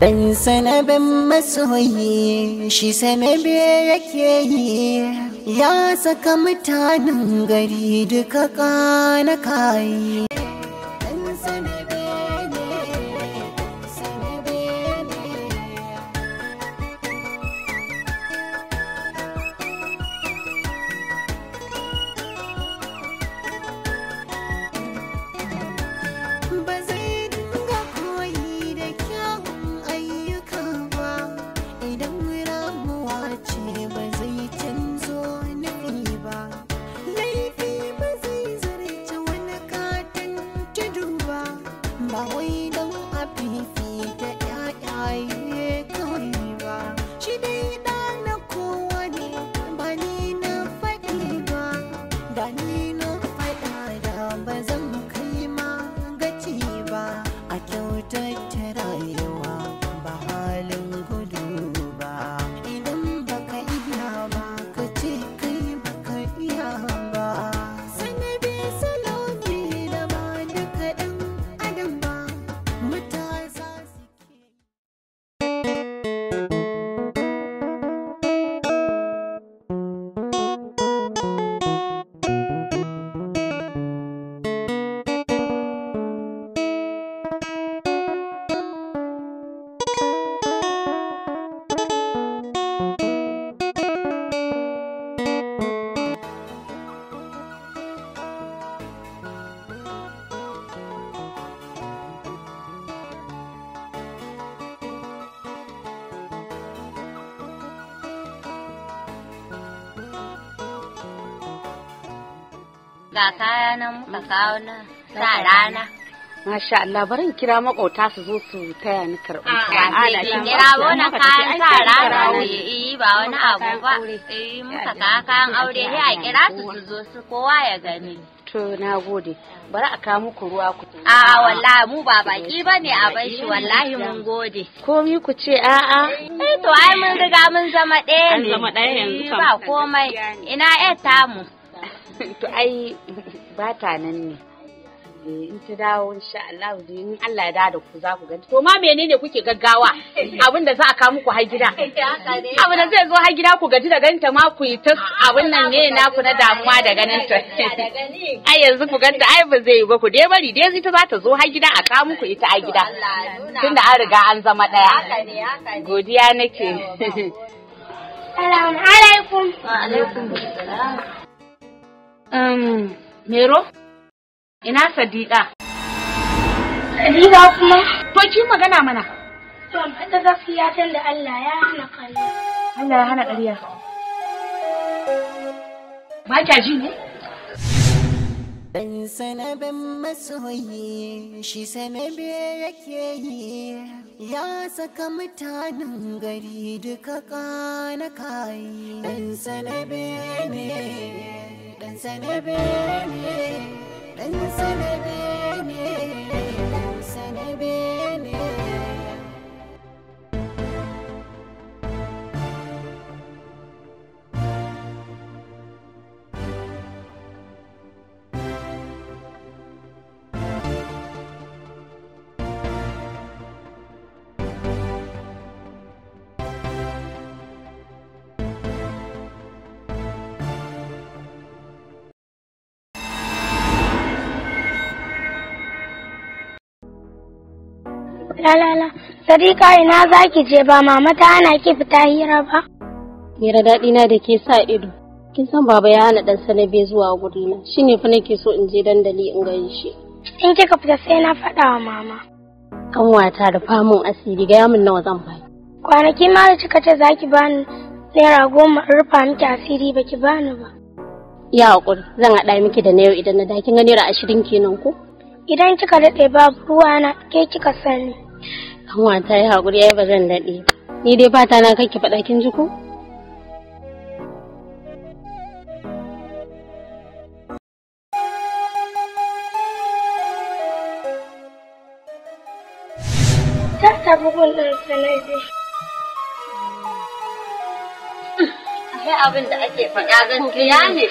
Dan sanabin masoyi shi sanabe yake yi ya saka mutanen gari duka kana kayi. nan muka kawo nan sa rana Masha Allah bari in kira makota su zo su taya ni karɓar Ala shi kira wani kayan sa rana ne yi eh, ba wani abu ba eh muka kawo kayan aure sai a kira su su zo su kowa ya gani to na gode bari a kawo muku ruwa ku a wallahi mu ba baki bane a bai shi wallahi mun gode komi ku ce a'a? a eh to ai mun riga mun zama ɗaya ne an zama ɗaya yanzu eh, ba komai ina ƴar tamu to ai ba ta nan ne eh, in ta dawo insha Allah in Allah ya dawo da ku za ku ganta to ma menene kuke gaggawa abin da za a kawo muku har gida abin da zai zo har gida ku gaji da ganta ma ku yi ta abin nan ne ku na damuwa da ganin ta ai yanzu ku ganta ai ba zai yi ba ku dai bari dai zai ta za ta zo har gida a kawo muku ita a gida tunda an riga an zama daya godiya nake Assalamu alaikum. Wa alaikum um, Mero? Ina Sadiqa? Sadiqa kuma? To ki magana mana. To ita gaskiya tun da Allah ya hana ƙarya. Allah ya hana ƙarya. Ba kya ji ne? ɗan sanabin masoyi shi sanabe yake yi ya saka mutanen gari duka kana kayi ɗan sanabe ne dan sana beni dan sana beni dan sana beni Lalala, Sadiqa ina za ki je ba mama ta hana ki fita hira ba? Hira daɗi na da ke sa ido. Kin san baba ya hana ɗan sanabe zuwa gurina, shi ne fa nake so in je dandali in gani shi. In kika fita sai na faɗa wa mama. Kanwata da famun asiri gaya yamin nawa zan ba. Kwanaki ma da kika ce za ki bani naira goma in rufa miki asiri ba ki bani ba. Ya haƙuri, zan haɗa miki da na yau idan na da kin ga naira ashirin kenan ko? Idan kika daɗe babu ruwa na ke kika sani. Kanwa ta yi haƙuri ai ba zan daɗe. Ni dai fata na kake faɗa kin ji ko? abin da ake faɗa gaskiya ne.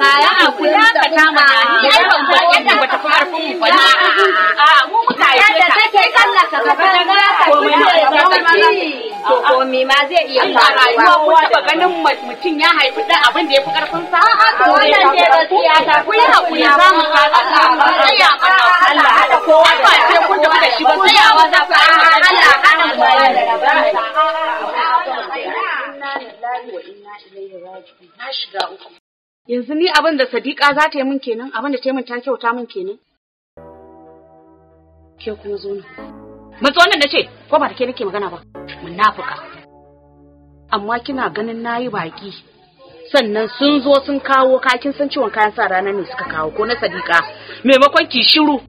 Kaya a kula ka tama ya yi ban kwaye ta fi ƙarfin mu ba. A mu muka yi ta. Yadda take kalla ka ka fara ga ka kula da zama komi ma zai iya faruwa ko rayuwa ganin mutum ya haifi dan abin da ya fi karfin sa a to wannan dai gaskiya ta ku hakuri za mu fara Allah hada kowa da sai da yanzu ni abin da sadiqa za ta yi min kenan abin da ta yi min ta kyauta min kenan ke kuma zo ni mun zo nan ce, ko ba da ke nake magana ba munafuka amma kina ganin na yi baƙi. sannan sun zo sun kawo kakin san ciwon kayan sa rana ne suka kawo ko na sadiqa maimakon ki shiru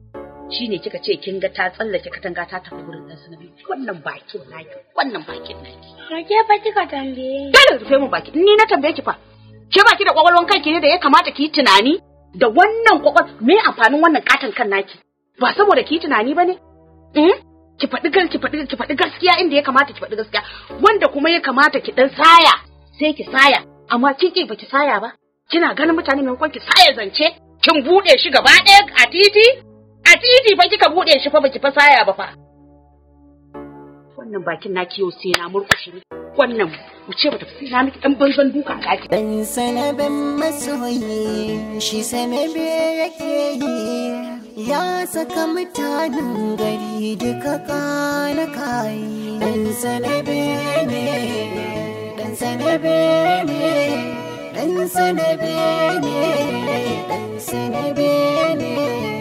shine kika ce kin ga ta tsallake katanga ta tafi gurin dan sanabi wannan bakin ki wannan bakin naki ke fa kika tambaye ni kada rufe mu baki ni na tambaye ki fa ke baki da kwakwalwan kanki ne da ya kamata ki yi tunani da wannan kwakwal me amfanin wannan katan kan naki ba saboda ki yi tunani bane hmm? ki faɗi ki faɗi ki faɗi gaskiya inda ya kamata ki faɗi gaskiya wanda kuma ya kamata ki dan saya sai ki saya amma kin ki baki saya ba kina ganin mutane maimakon ki saya zance kin bude shi gaba ɗaya a titi a titi fa kika bude shi fa baki fa saya ba fa wannan bakin na yau sai na murkushe wannan ku ce mata sai na miki dan banzan duka kaki dan sanabin masoyi shi sanabe yake yi ya saka mutanen gari duka kana kai dan sanabe ne dan sanabe ne dan sanabe ne dan sanabe ne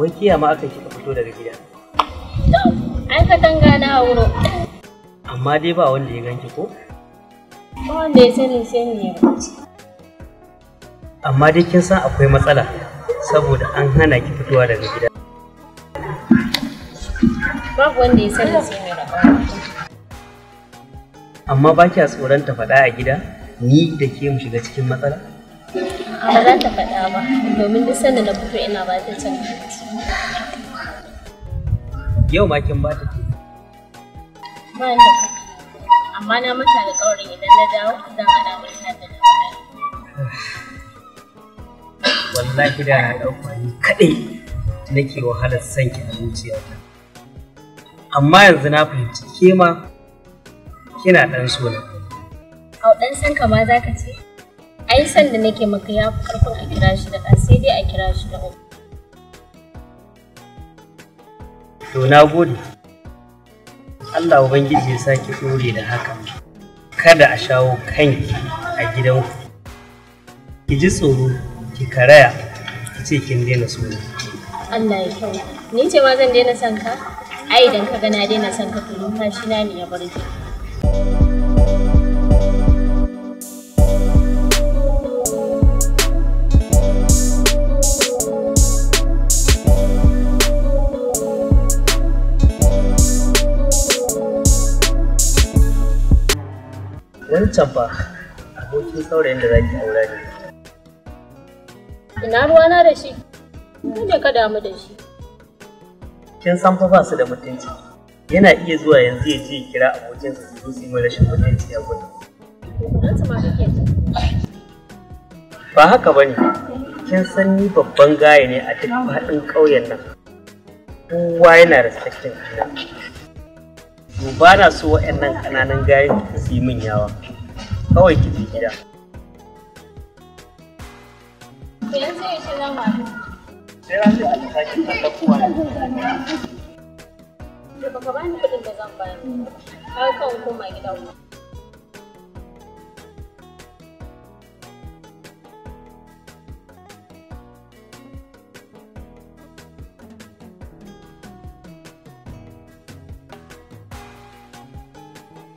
wai kiya ma akan kika fito daga gida an ka tanga na wuro amma dai ba wanda ya ganki ko ba wanda ya sani sai ni amma dai kin san akwai matsala saboda an hana ki fitowa daga gida babu wanda ya sani sai ni amma ba kya tsoron ta faɗa a gida ni da ke mu shiga cikin matsala? ba za ta faɗa ba, domin duk sanda na fito ina ba ta can. Yau ma kin ba ta ke. Ba na amma na mata ƙaurin idan na dawo zan hada mu ta da Wallahi da na ɗauka ni kaɗai nake wahalar son ki a zuciyarta. Amma yanzu na fahimci ke ma kina ɗan so na. Au ɗan san ka ma za ka ce? Ai san da nake maka ya fi ƙarfin a kira shi da sai dai a kira shi da uku. to na gode Allah Ubangiji ya sake ɗore da haka kada a shawo kanki a gidanku ki ji tsoro ki karaya ki ce kin daina tsoro. Allah ya kyau ni ce ma zan daina son ka ai idan ka ga na daina son ka to numfashi na ne ya bar ki wancan fa abokin saurayin da zaki aura ne ina ruwa na da shi je ka damu da shi kin san fa ba su da mutunci yana iya zuwa yanzu ya je kira abokinsa su zo su yi rashin mutunci a gudu ba haka ba ne kin san ni babban gaya ne a duk faɗin ƙauyen nan kowa yana respectin kina to ba na so waɗannan ƙananan gayan su yi min yawa kawai ki je gida yanzu ya ce za mu haɗu sai ran sai a sake tallafuwa da baka bani kuɗin da zan bayar har kan koma gida kuma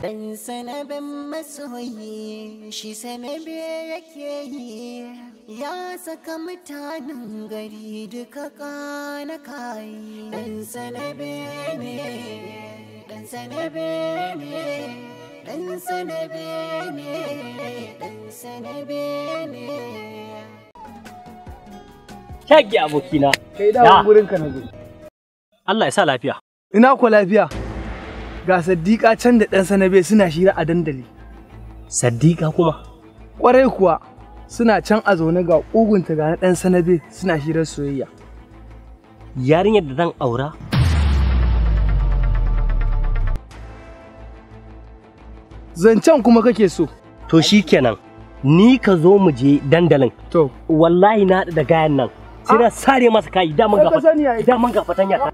Dan sanabin masoyi shi sanabe yake yi ya saka mutanen gari duka kana kayi. Dan sanabe ne, dan sanabe ne, dan sanabe ne, dan sanabe ne. Shagi abokina. Kai da wurin ka na zo. Allah ya sa lafiya. Ina ko lafiya. ga Saddiƙa can da ɗan sanabe suna shira a dandali. Saddiƙa kuma? Ƙwarai kuwa suna can a zaune ga ƙugunta ga na ɗan sanabe suna shirar soyayya. Yarinyar da zan aura? Zancen kuma kake so. To shi kenan, ni ka zo mu je dandalin. To. Wallahi na da gayan nan. Sai na ah. sare masa kayi daman gafatanya. Daman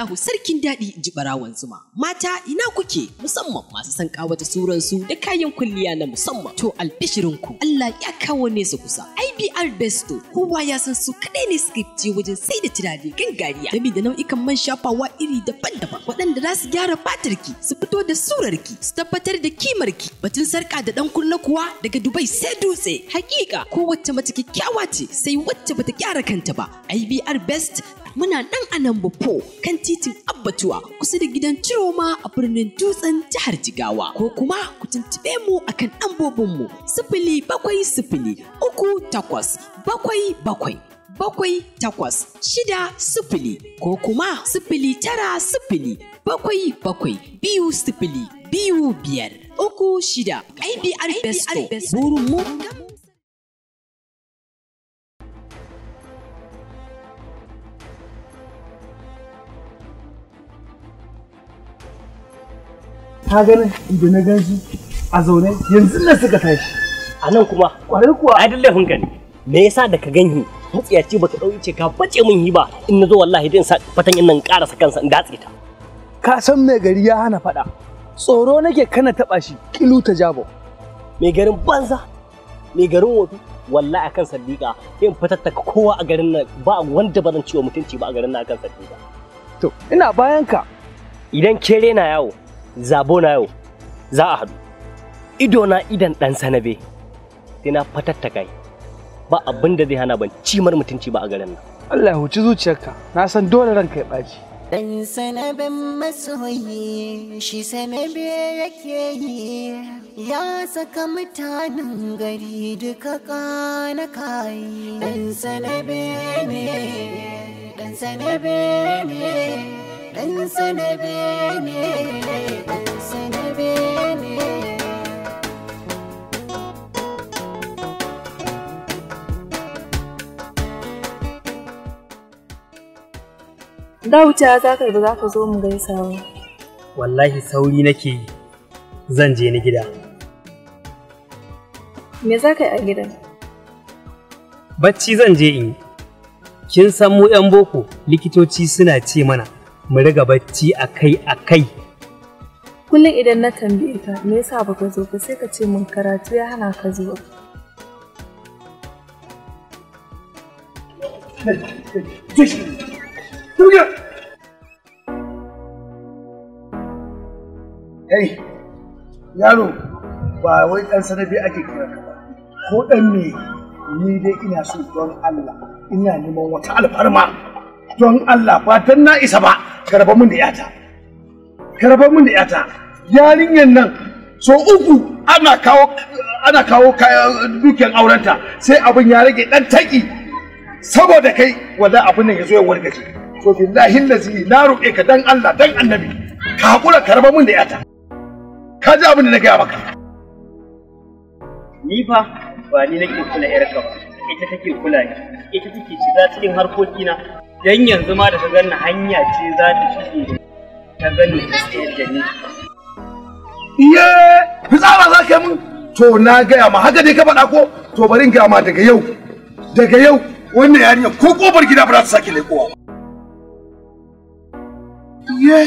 Allahu sarkin daɗi in ji ɓarawon zuma. Mata ina kuke musamman masu san ƙawata suransu da kayan kulliya na musamman. To albishirin ku. Allah ya kawo nesa kusa. IBR Besto kowa ya san su kaɗai ne je wajen sai da turare gangariya. Gami da nau'ikan man shafawa iri daban-daban waɗanda za su gyara fatarki su fito da surarki su tabbatar da kimarki. Batun sarƙa da ɗan kunna kuwa daga Dubai sai dutse. Hakika kowace mace kyakkyawa ce sai wacce bata gyara kanta ba. IBR Best muna nan a nan kan titin abbatuwa kusa da gidan ciroma a birnin dutsen jihar jigawa ko kuma ku tuntube mu akan mu? sifili bakwai sifili uku takwas bakwai bakwai bakwai takwas shida sifili ko kuma sifili tara sifili bakwai bakwai biyu sifili biyu biyar uku shida IBR Besto burin mu ta ganin inda na gan a zaune yanzu nan suka tashi a nan kuma kwarai kuwa ai duk laifin ka me yasa da ka ganhi matsiyaci baka dauki ce ka bace min hiba in nazo wallahi din sa fatan in nan karasa kansa in datse ta ka san mai gari ya hana fada tsoro nake kana taba shi kilu ta jabo mai garin banza mai garin wofi wallahi akan sadiqa in fatattaka kowa a garin nan ba wanda ba zan ciwo mutunci ba a garin nan akan sadiqa to ina bayan ka idan kere na yawo zabo na yau za a haɗu ido na idan ɗan sanabe sai na fatattaka ba abin da zai hana ban cimar mutunci ba a garin nan Allah ya huci zuciyarka na san dole ranka ya ɓaci dan sanaben masoyi shi sanabe yake yi ya saka mutanen gari duka kana yi. dan sanabe ne dan sanabe ne ne ne da wuce za ka ba za ka zo mu gai sauri. wallahi sauri nake yi zan je ni gida me za ka yi a gidan bacci zan je in kin san mu 'yan boko likitoci suna ce mana mu riga bacci akai akai kullum idan na tambaye ka me yasa baka zo ba sai ka ce mun karatu ya hana ka zuwa Hey, yaro ba wai ɗan sanabi ake kira ka ba ko ɗan me ni dai ina so don Allah ina neman wata alfarma don Allah ba don na isa ba karaba min da yata karaba min da yata yarinyar nan so uku ana kawo ana kawo dukiyar aurenta sai abin ya rage dan taki saboda kai wallahi abin nan yazo ya wargaje to billahi lazi na roƙe ka dan Allah dan annabi ka hakura karaba min da yata ka ji abin da na gaya maka ni fa ba ni nake kula yarka ba ita take kula ni ita take shiga cikin harkokina dan yanzu ma da ka ganna hanya ce za ta shige ta ganni ta tsayar da ni iye fitsara za ka yi to na gaya ma haka dai ka faɗa ko to bari in gaya ma daga yau daga yau wannan yarinya ko kofar gida ba za ta sake leƙowa ba iye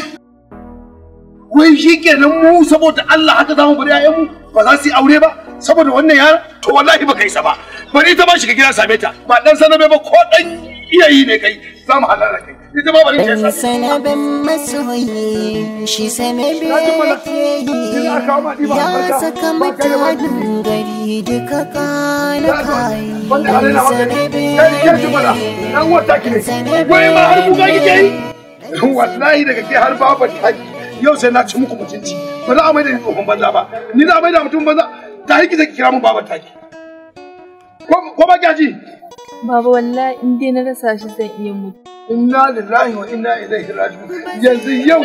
wai shi kenan mu saboda Allah haka za mu bari ayyanmu ba za su yi aure ba saboda wannan yara to wallahi ba kai isa ba bari ta ba shiga gida same ta ba dan sanabe ba ko dan iya yi ne kai za mu halala kai ita ma bari ce sanabin masoyi shi sanabe yake yi ya saka mutanen gari duka kana kayi sanabe wallahi daga ke har babu taki yau sai na ci muku mutunci ba za a mai da tsohon banza ba ni za a mai da mutum banza ta zai kira mun babu taki ko ba Baba wallahi in dai na rasa shi zan iya mutu. Inna lillahi wa inna ilaihi raji'un. Yanzu yau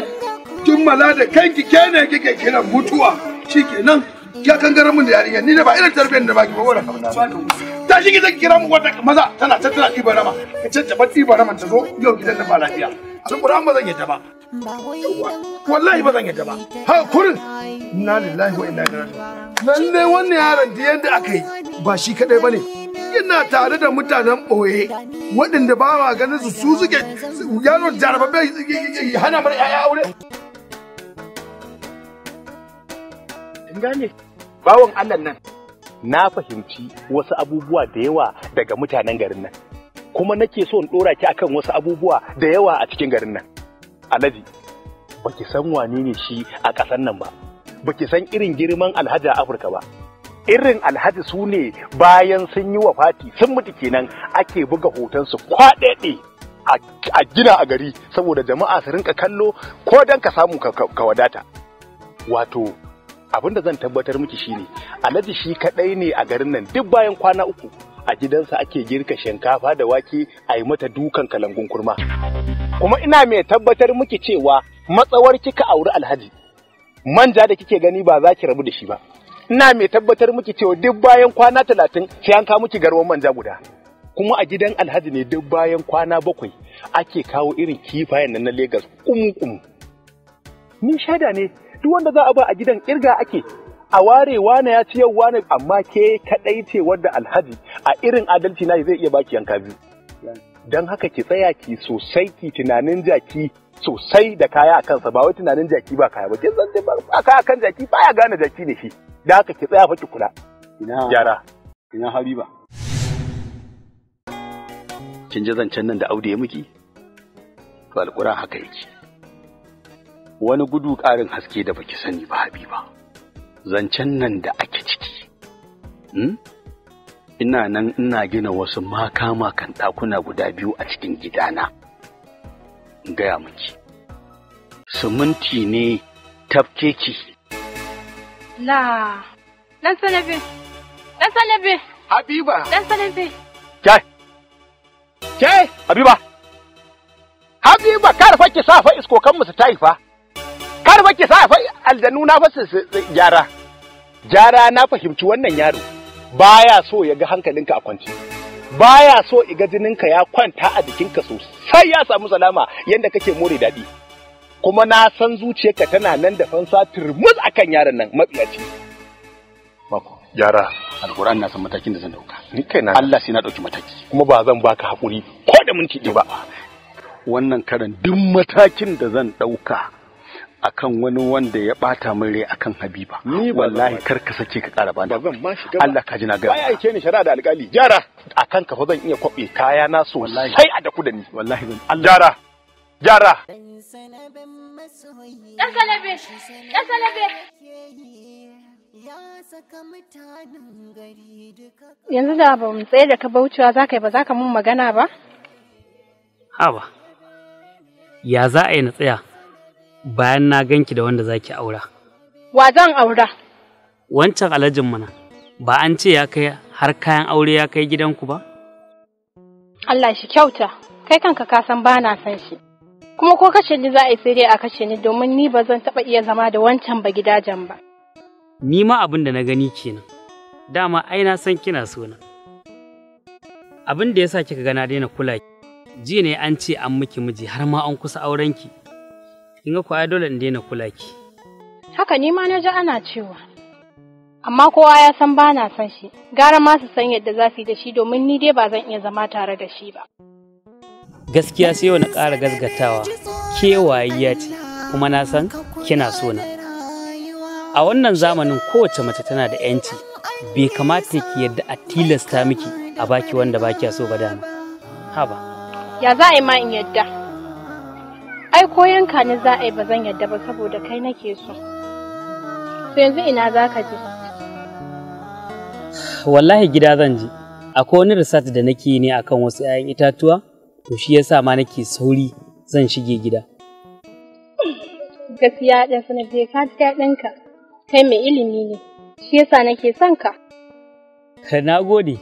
tun mala da kanki kene kike kiran mutuwa shikenan ya kangara mun da yarinya ni da ba irin tarbiyyar da baki ba wala kamar ta shi ki kiran kira mu wata maza tana tattara ibarama ka ce ibarama ta zo yau gidan da ba lafiya alƙur'an ba zan yadda ba wallahi ba zan yadda ba ha kurin inna lillahi wa inna ilaihi raji'un lalle wannan yaron da yadda aka yi ba shi kadai bane yana tare da mutanen boye waɗanda ba ma ganin su su suke yaron jarababbe hana mana yaya aure gane bawon Allah nan na fahimci wasu abubuwa da yawa daga mutanen garin nan kuma nake so in dora ki akan wasu abubuwa da yawa a cikin garin nan alhaji baki san wani ne shi a ƙasar nan ba baki san irin girman alhaji a afirka ba irin alhaji su ne bayan sun yi wa Fati sun mutu kenan ake buga hoton su kwaɗaɗe a gina a gari saboda jama'a su rinka kallo ko don ka samu ka wadata wato abin da zan tabbatar miki shine alhaji shi kaɗai ne a garin nan duk bayan kwana uku a gidansa ake girka shinkafa da wake a yi mata dukan kalangun kurma. Kuma ina mai tabbatar miki cewa matsawar kika auri alhaji, manja da kike gani ba za ki rabu da shi ba. Ina mai tabbatar muke cewa duk bayan kwana talatin sai an kawo miki garwan manja guda. Kuma a gidan alhaji ne duk bayan kwana bakwai ake kawo irin kifayen nan na Legas kum-kum. Ni shaida ne, duk wanda za a ba a gidan kirga ake a ware wane ya ci yau wane amma ke kadai ce wadda alhaji a irin adalci na zai iya baki yanka biyu don haka ki tsaya ki sosai ki tunanin jaki sosai da kaya a kansa ba wai tunanin jaki ba kaya ba ke san ba kaya kan jaki ba ya gane jaki ne shi da haka ki tsaya fa ki kula ina yara ina habiba kin ji zancen nan da Audu ya miki to alquran haka yake wani gudu ƙarin haske da baki sani ba habiba zancen nan da ake ciki hmm? ina nan ina gina wasu makama kan ɗakuna guda biyu a cikin gidana gaya miki suminti ne ki. la dan sanabe dan sanabe habiba dan sanabe kai kai habiba habiba kar fa ki sa fa iskokan musu taifa kar baki sa fa aljanu na fa gyara gyara na fahimci wannan yaro baya so ya ga hankalinka a kwance baya so iga jininka ya kwanta a jikinka sai ya samu salama yadda kake more daɗi kuma na san zuciyarka tana nan da fansa turmus akan yaron nan mabiyaci bako gyara alquran na san matakin da zan dauka ni kaina Allah sai na dauki mataki kuma ba zan baka hakuri ko da minti ɗaya ba wannan karan duk matakin da zan dauka akan wani wanda ya bata min rai akan Habiba Ni wallahi kar ka sake ka ƙara bani. ba zan ma shiga Allah ka ji na ga ai aike ni shari'a da alƙali jara akan ka fa zan iya kwabe kaya na so sai a daku da ni wallahi zan Allah jara jara dan salabe dan salabe yanzu da ba mu tsaye da ka baucewa za ka yi ba za ka mun magana ba? Haba, ya za a yi na tsaya bayan na ganki da wanda zaki aura. Wa zan aura? Wancan alajin mana, ba an ce ya kai har kayan aure ya kai gidanku ba? Allah shi kyauta, kai kanka ka san ba na san shi. Kuma ko kashe ni za a yi sai dai a kashe ni domin ni ba zan taɓa iya zama da wancan ba gidajen ba. Ni ma abin da na gani kenan, dama ai na san kina sona. Abin da ya sa kika gana daina kula ki. jiya ne an ce an miki miji har ma an kusa aurenki in ga kuwa dole in daina kula ki haka ni ma na ji ana cewa amma kowa ya san ba na san shi gara ma su san yadda za su yi da shi domin ni dai ba zan iya zama tare da shi ba gaskiya sai wani ƙara gasgatawa kewayayya ce kuma na san kina so na a wannan zamanin kowace mace tana da yanci bai kamata ki yadda a tilasta miki a baki wanda baki so ba dama haba ya za a yi ma in yadda ai ko yanka ni za a yi ba zan yadda ba saboda kai nake so to yanzu ina za ka je wallahi gida zan je akwai wani research da nake yi ne akan wasu 'ya'yan itatuwa to shi yasa ma nake sauri zan shige gida gaskiya ɗan sanafe ka ji ɗinka, kai mai ilimi ne shi yasa nake son ka na gode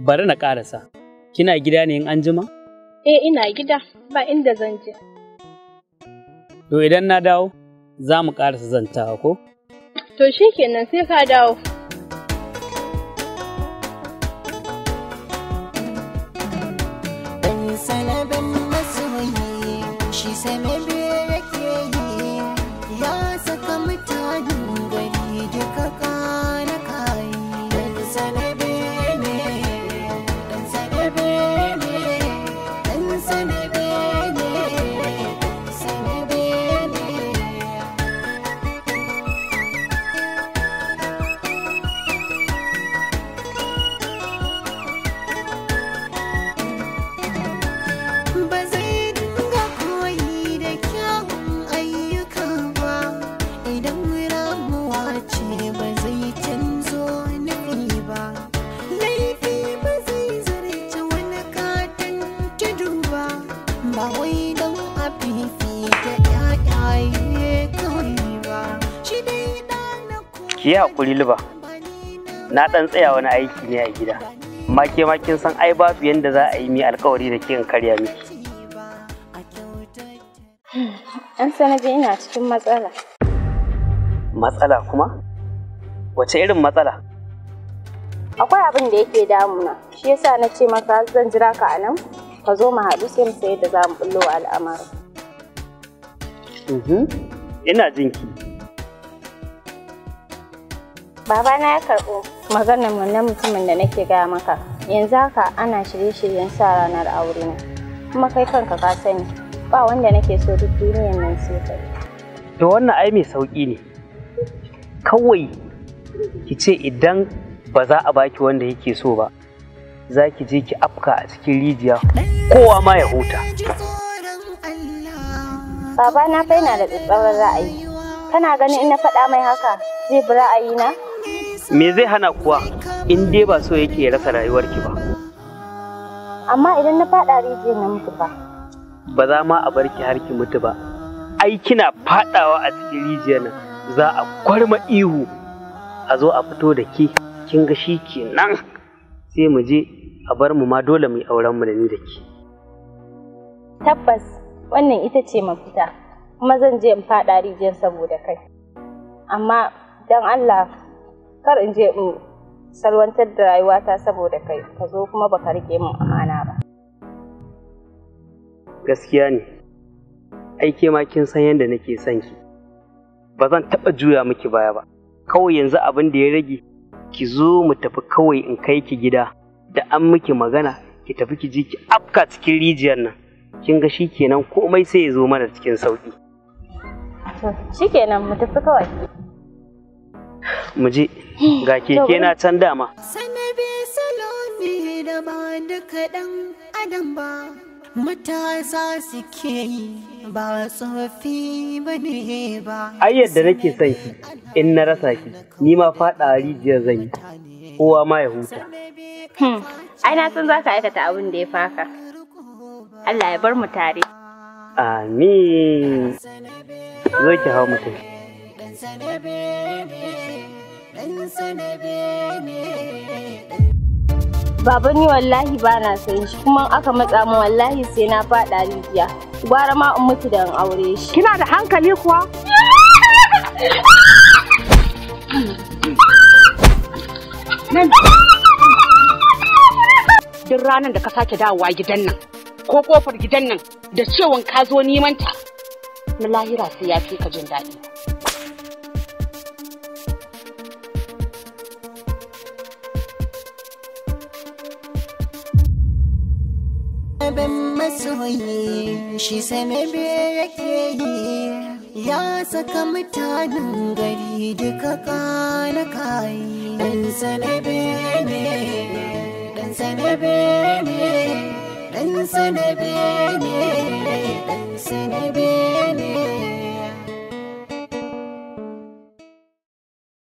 bari na ƙarasa kina gida ne in an jima eh ina gida ba inda zan je To idan na dawo, za mu ƙarasa zantawa ko? To shi kenan sai ka dawo. hakuri liba na ɗan tsaya wani aiki ne a gida make ke san ai babu yadda za a yi mi alkawari da ke karya miki an da ina cikin matsala matsala kuma wace irin matsala akwai abin da yake damuna shi yasa na ce maka zan jira ka a nan ka zo mu haɗu sai mu sayar da za mu bullo al'amarin mhm. ina jinki Baba na ya karɓo maganar mu na mutumin da nake gaya maka yanzu haka ana shirye-shiryen sa ranar aure na kuma kai kanka ka sani ba wanda nake so duk duniyar nan sai kai to wannan ai mai sauki ne kawai ki ce idan ba za a baki wanda yake so ba za ki je ki afka a cikin rijiya kowa ma ya huta Baba na fa yana da tsatsauran ra'ayi. Kana ganin in na faɗa mai haka zai bi na? me zai hana kuwa in dai ba so yake rasa rayuwar ki ba amma idan na faɗa rijiyar na mutu ba ba za ma a bar ki har ki mutu ba ai kina faɗawa a cikin rijiyar nan za a kwarma ihu a zo a fito da ke kin ga shi kenan sai mu je a bar mu ma dole mu yi auren mu da ni da ke tabbas wannan ita ce mafita kuma zan je in faɗa rijiyar saboda kai amma don Allah kar in je in salwantar da rayuwata saboda kai ka zo kuma baka rike min amana ba gaskiya ne aike ma kin san yadda nake son ki ba zan taɓa juya miki baya ba kawai yanzu abin da ya rage ki zo mu tafi kawai in kai ki gida da an miki magana ki tafi ki ji ki afka cikin rijiyar nan kin ga shikenan komai sai ya zo mana cikin sauki shikenan mu tafi kawai mu je ga keke na can dama sanabi ne da ba da dan adam ba matasa ke yi ba tsofi ba ne ba ai yadda nake son ki in na rasa ki ni ma faɗa rijiyar zan yi kowa ma ya huta hmm. ai na san za aikata abin da ya faka Allah ya bar mu tare amin zo ki hau mutum Baba ni wallahi ba na san shi kuma aka matsa mu wallahi sai na faɗa rijiya. Gwara ma in mutu da in aure shi. Kina da hankali kuwa? Duk ranar da ka sake dawowa gidan nan, ko kofar gidan nan da cewan ka zo neman ta, na lahira sai ya fi ka jin daɗi. kewaye shi samebe yake yi ya saka mutanen gari duka kana kayi dan be ne dan be ne dan be ne dan be ne